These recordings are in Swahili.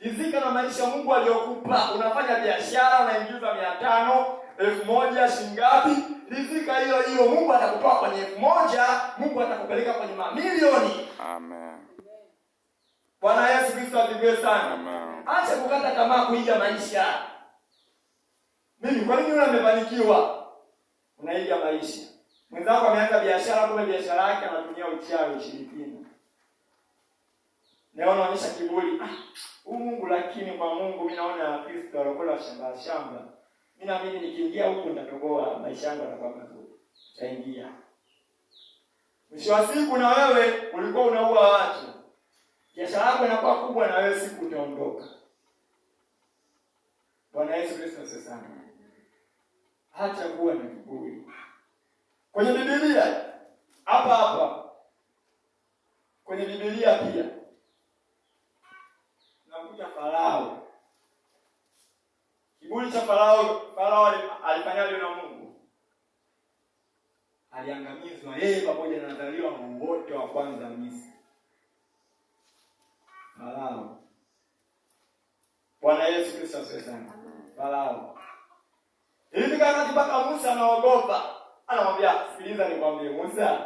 izika na maisha Mungu aliyokupa. Unafanya biashara, unaingiza mia tano, elfu moja, shingapi, ngapi? hiyo hiyo Mungu atakupa kwenye elfu moja, Mungu atakupeleka kwenye mamilioni. Amen. Bwana Yesu Kristo asifiwe sana. Amen. Acha kukata tamaa kuiga maisha. Mimi kwa nini nimefanikiwa? Unaiga maisha. Mwenzako ameanza biashara, kumbe biashara yake anatumia uchawi ushirikina. Leo naonyesha kiburi. Huu Mungu lakini kwa Mungu mimi naona Kristo alokola shamba shamba. Mimi naamini nikiingia huko nitatogoa maisha yangu na kwa Mungu. Taingia. Mwisho wa siku na wewe ulikuwa unaua watu. Biashara yako inakuwa kubwa na wewe siku utaondoka. Bwana Yesu Kristo sana. Hata kuwa na kiburi. Kwenye Biblia hapa hapa Kiburi cha Farao, Farao alifanyaje na Mungu? Aliangamizwa yeye pamoja na wazaliwa wote wa kwanza Misri. Farao. Bwana Yesu Kristo asifiwe sana. Farao. Hivi wakati mpaka Musa anaogopa. Anamwambia, "Sikiliza nikwambie Musa,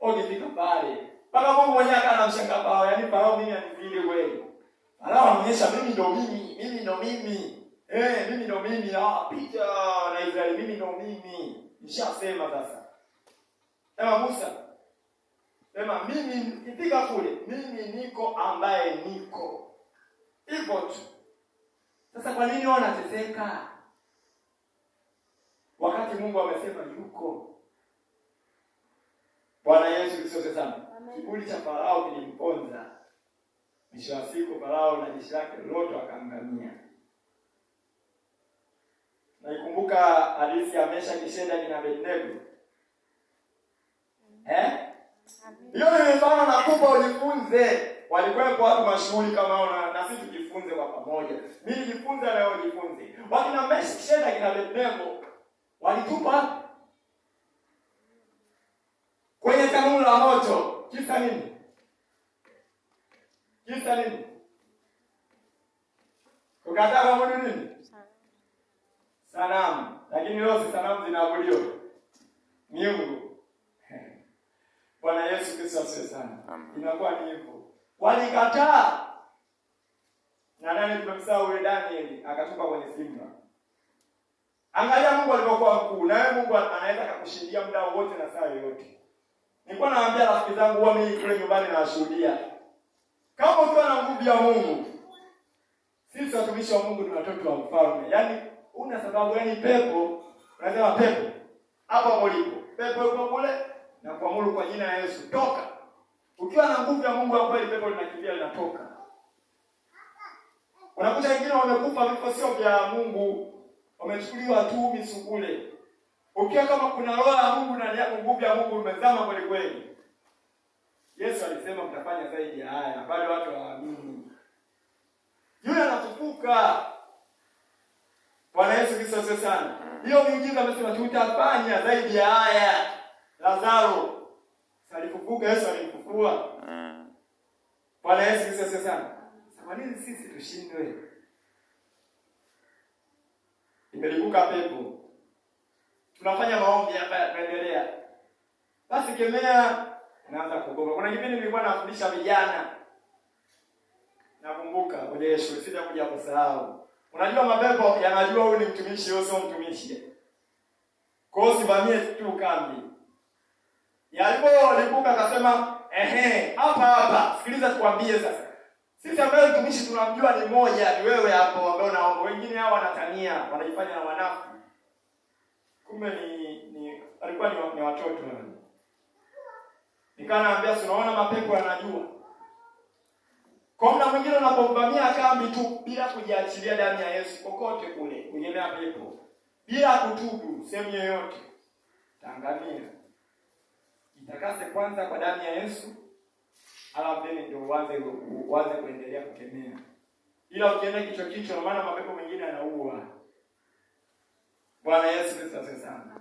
ukifika pale, mpaka Mungu mwenyewe anamshangaa Farao, yaani Farao mimi anizidi wewe." Farao anaonyesha mimi ndo mimi, mimi ndo mimi. Eh, mimi ndo mimi, ah, picha na Israeli, mimi ndo mimi. Nishasema sasa. ema Musa. Sema mimi itika kule, mimi niko ambaye niko. Hivyo tu. Sasa kwa nini wao wanateseka? Wakati Mungu amesema yuko. Bwana Yesu Kristo sana. Kiburi cha Farao kilimponza. Mwisho siku Farao na jeshi lake lote wakamngamia. Naikumbuka hadithi ya Mesha Kishedaki na Abednego. Eh? Hiyo ni mfano kubwa ujifunze. Walikuwepo watu mashuhuri kama hao na, sisi tujifunze kwa pamoja. Mimi nijifunze na wewe ujifunze. Wakina Mesha Kishedaki na Abednego walitupa kwenye tanuru la moto. Kisa nini? Kisa nini? Tukataka mwabudu nini? sanamu, lakini leo si sanamu zinaabudiwa, miungu. Bwana Yesu Kristo asifiwe sana. Inakuwa ni hivyo, walikataa. Na nani tumemsahau? Yule Danieli akatoka kwenye simba. Angalia Mungu alivyokuwa mkuu, na Mungu anaweza kukushindia muda wote na saa yoyote. Nilikuwa naambia rafiki zangu huwa mimi kule nyumbani nawashuhudia, kama ukiwa na nguvu ya Mungu, sisi watumishi wa Mungu ni watoto wa mfalme, yaani una sababu yani pepo unasema pepo hapa ulipo pepo yuko kule na kuamuru kwa jina la Yesu toka ukiwa na nguvu ya Mungu ya pepo linakimbia linatoka unakuta wengine wamekufa vifo sio vya Mungu wamechukuliwa tu misukule ukiwa kama kuna roho ya Mungu ndani yako nguvu ya Mungu imezama kweli kweli Yesu alisema mtafanya zaidi haya bado watu hawaamini ndio muujiza, amesema tutafanya zaidi ya haya. Lazaro alifufuka, Yesu alimfufua. Bwana Yesu Kristo sana. Samanini sisi tushindwe. Imelipuka pepo. Tunafanya maombi hapa yanaendelea. Basi kemea naanza kugoma. Kuna kipindi nilikuwa nafundisha vijana. Nakumbuka kwa Yesu sija kuja kusahau. Unajua mapepo yanajua huyu ni mtumishi, au sio mtumishi. Kwa hiyo simamie tu kambi. alipuka akasema, ehe, hapa hapa, sikiliza tukwambie sasa. Sisi ambaye mtumishi tunamjua ni moja, ni wewe hapo ambao unaomba. Wengine hao wanatania, wanajifanya na wanafu. Kumbe ni, ni alikuwa ni, ni watoto. Nikaanaambia, tunaona mapepo yanajua kwa mna mwingine unapovamia kambi tu bila kujiachilia damu ya Yesu kokote kule, kuegemea pepo, bila kutubu sehemu yoyote, tangamia. itakase kwanza kwa damu ya Yesu, alafu then ndio uanze uanze kuendelea kukemea. Ila ukienda kichwa kichwa, maana mapepo mengine anaua. Bwana Yesu Kristo asante sana.